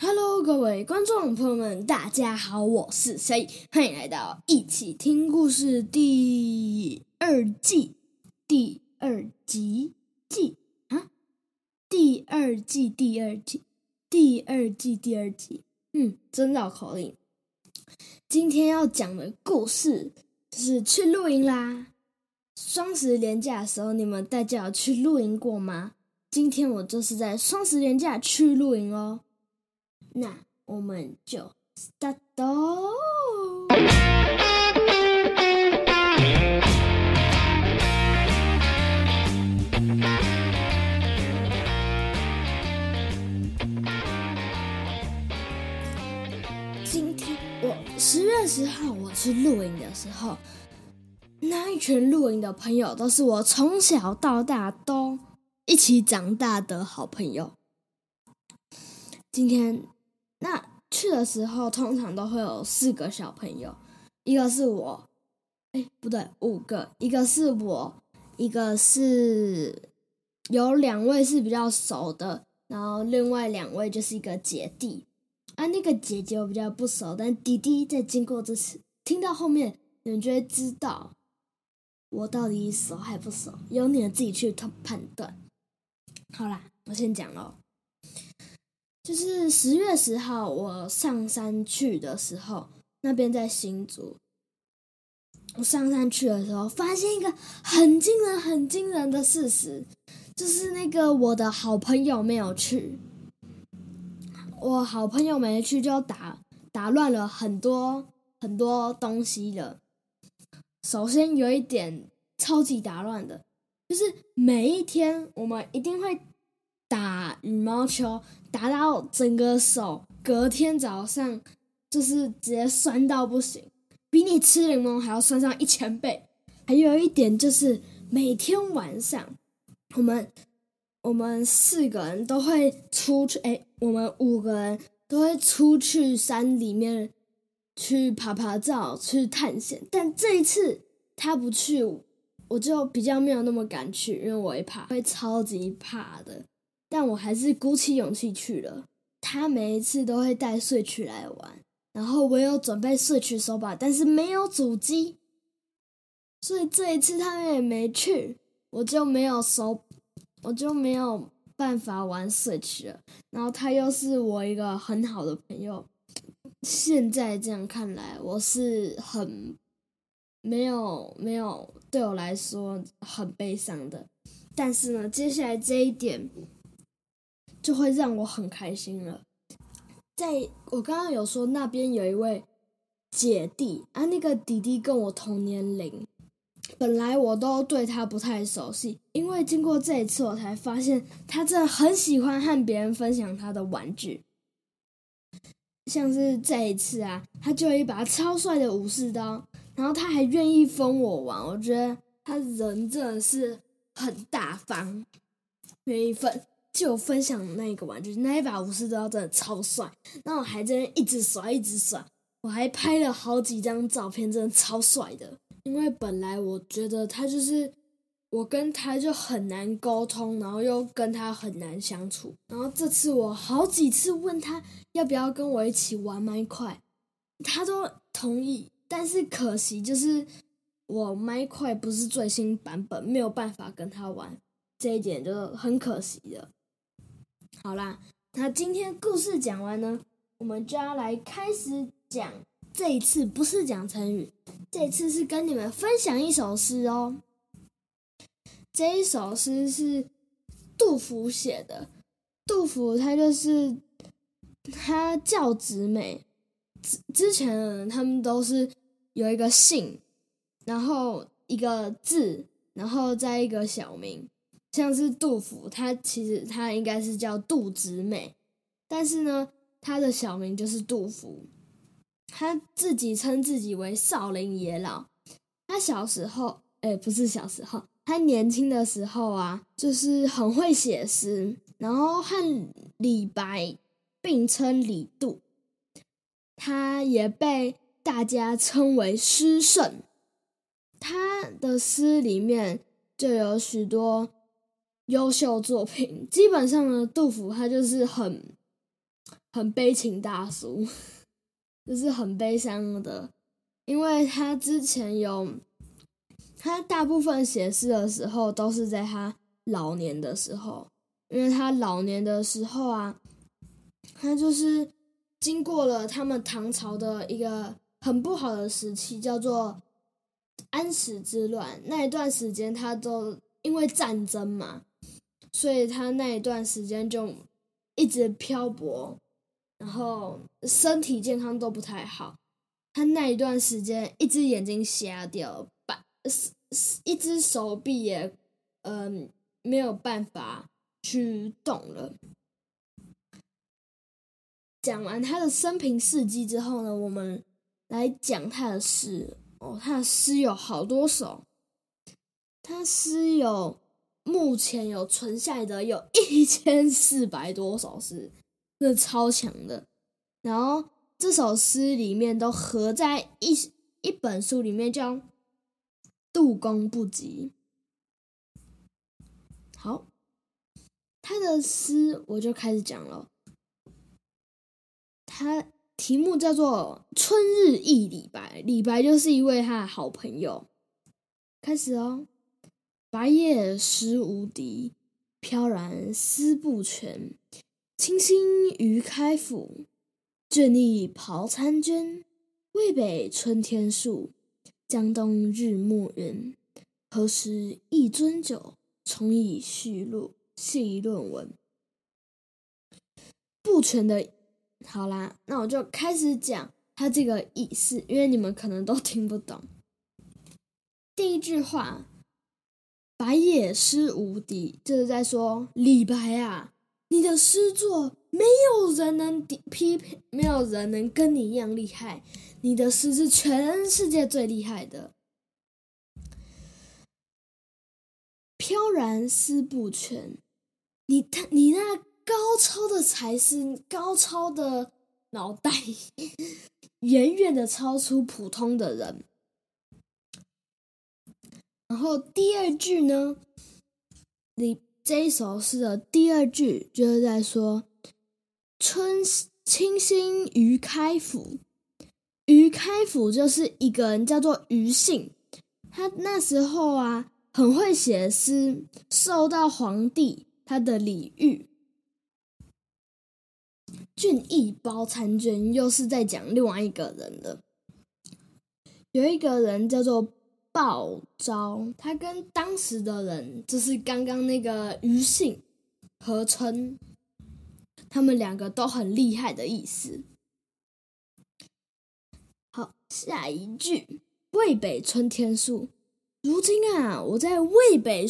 Hello，各位觀眾朋友們，大家好，我是誰？歡迎來到一起聽故事第二季第二集季啊，第二季第二集，第二季第二集，嗯，真繞口令。今天要講的故事就是去露營啦。雙十連假的時候，你們大家有去露營過嗎？今天我就是在雙十連假去露營哦。那我們就 start 到、哦。今天我十月十號我去露營的時候，那一群露營的朋友都是我從小到大都一起長大的好朋友。今天。那去的時候，通常都會有四個小朋友，一個是我，哎，不對，五個，一個是我，一個是有兩位是比較熟的，然後另外兩位就是一個姐弟，啊，那個姐姐我比較不熟，但弟弟在經過這次，聽到後面你就會知道我到底熟還不熟，由你自己去判判斷。好啦，我先講嘍。就是十月十號，我上山去的時候，那邊在新竹。我上山去的時候，發現一個很驚人、很驚人的事實，就是那個我的好朋友沒有去。我好朋友沒去，就打打亂了很多很多東西了。首先有一點超級打亂的，就是每一天我們一定會。打羽毛球打到整個手，隔天早上就是直接酸到不行，比你吃檸檬還要酸上一千倍。還有一點就是每天晚上，我們我們四個人都會出去，哎、欸，我們五個人都會出去山裡面去爬爬照，去探險。但這一次他不去，我就比較沒有那麼敢去，因為我也怕，會超級怕的。但我還是鼓起勇氣去了。他每一次都會帶 Switch 來玩，然後我有準備 Switch 手把，但是沒有主機，所以這一次他們也沒去，我就沒有收，我就沒有辦法玩 Switch 了。然後他又是我一個很好的朋友，現在這樣看來，我是很沒有沒有對我來說很悲傷的。但是呢，接下來這一點。就會讓我很開心了。在我剛剛有說那邊有一位姐弟啊，那個弟弟跟我同年齡，本來我都對他不太熟悉，因為經過這一次，我才發現他真的很喜歡和別人分享他的玩具，像是這一次啊，他就一把超帥的武士刀，然後他還願意分我玩，我覺得他人真的是很大方，願意分。就分享那一個玩具，那一把武士刀真的超帥，然後我還在那一直甩，一直甩，我還拍了好幾張照片，真的超帥的。因為本來我覺得他就是我跟他就很難溝通，然後又跟他很難相處。然後這次我好幾次問他要不要跟我一起玩麥塊，他都同意，但是可惜就是我麥塊不是最新版本，沒有辦法跟他玩，這一點就很可惜的。好啦，那今天故事講完呢，我們就要來開始講這一次，不是講成語，這次是跟你們分享一首詩哦。這一首詩是杜甫寫的，杜甫他就是他叫子美，之之前他們都是有一個姓，然後一個字，然後再一個小名。像是杜甫，他其實他應該是叫杜子美，但是呢，他的小名就是杜甫，他自己稱自己為少陵野老。他小時候，誒，不是小時候，他年輕的時候啊，就是很會寫詩，然後和李白並稱李杜，他也被大家稱為詩聖。他的詩裡面就有許多。優秀作品，基本上呢，杜甫他就是很很悲情大叔，就是很悲傷的，因為他之前有，他大部分寫詩的時候都是在他老年的時候，因為他老年的時候啊，他就是經過了他們唐朝的一個很不好的時期，叫做安史之亂，那一段時間他都因為戰爭嘛。所以他那一段時間就一直漂泊，然後身體健康都不太好。他那一段時間一隻眼睛瞎掉，是一隻手臂也嗯，沒有辦法去動了。講完他的生平事蹟之後呢，我們來講他的詩哦，他的詩有好多首，他詩有。目前有存下的有一千四百多首詩，這超強的。然後這首詩裡面都合在一一本書裡面，叫《杜工部集》。好，他的詩我就開始講了。他題目叫做《春日憶李白》，李白就是一位他的好朋友。開始哦。白也詩無敵，飄然思不群。清新庾開府，俊逸鮑參軍。渭北春天樹，江東日暮雲。何時一樽酒，重與細論文？不全的，好啦，那我就開始講他這個意思，因為你們可能都聽不懂。第一句話。白也詩無敵，就是在說李白啊，你的詩作沒有人能批評，沒有人能跟你一樣厲害，你的詩是全世界最厲害的。飄然思不群，你他你那高超的才思，高超的腦袋，遠遠的超出普通的人。然後第二句呢，你這一首詩的第二句就是在說“春清新庾開府”，庾開府就是一個人叫做庾信，他那時候啊很會寫詩，受到皇帝他的禮遇。俊逸鮑參軍，又是在講另外一個人的，有一個人叫做。鮑照，他跟當時的人，就是剛剛那個庾信合稱，他們兩個都很厲害的意思。好，下一句，渭北春天樹，如今啊，我在渭北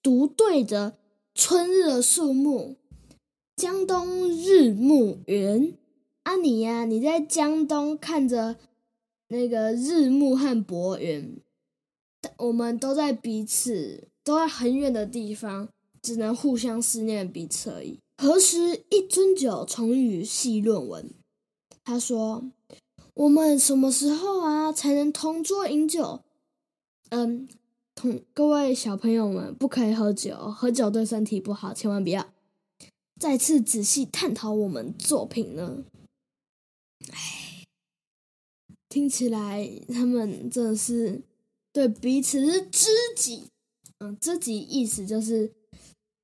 獨對着春日的樹木；江東日暮雲，啊，你呀、啊，你在江東看着那個日暮和薄雲。我們都在彼此都在很遠的地方，只能互相思念彼此而已。何時一樽酒，重與細論文？他說：“我們什麼時候啊，才能同桌飲酒？”嗯，同各位小朋友們，不可以喝酒，喝酒對身體不好，千萬不要。再次仔細探討我們作品呢？哎，聽起來他們真的是。對，彼此是知己。嗯，知己意思就是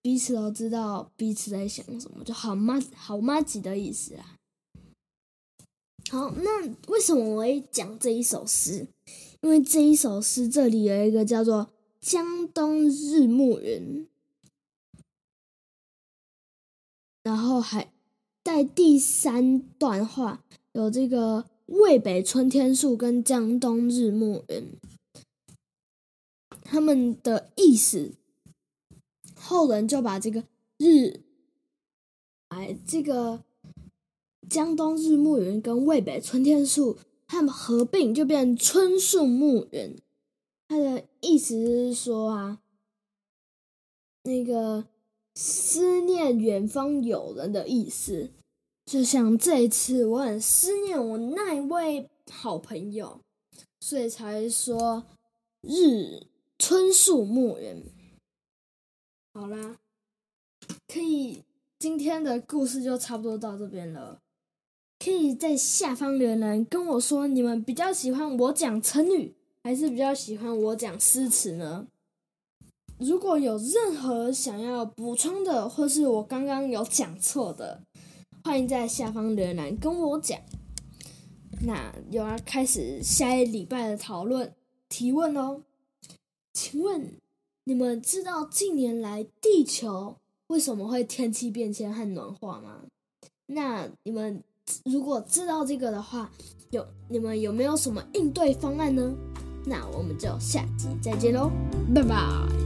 彼此都知道彼此在想什麼，就好麻，好麻吉的意思啊。好，那為什麼我會講這一首詩？因為這一首詩這裡有一個叫做“江東日暮雲”，然後還在第三段話，有這個“渭北春天樹”跟“江東日暮雲”。他們的意思，後人就把這個“日”哎，這個“江東日暮雲”跟“渭北春天樹”他們合併，就變成“春樹暮雲”。他的意思就是說啊，那個思念遠方友人的意思，就像這一次我很思念我那一位好朋友，所以才說“日”。春樹暮雲，好啦，可以，今天的故事就差不多到這邊了。可以在下方留言跟我說，你們比較喜歡我講成語，還是比較喜歡我講詩詞呢？如果有任何想要補充的，或是我剛剛有講錯的，歡迎在下方留言跟我講。那又要開始下一禮拜的討論提問哦。請問你們知道近年來地球為什麼會天氣變遷和暖化嗎？那你們如果知道這個的話，有你們有沒有什麼應對方案呢？那我們就下集再見嘍，拜拜。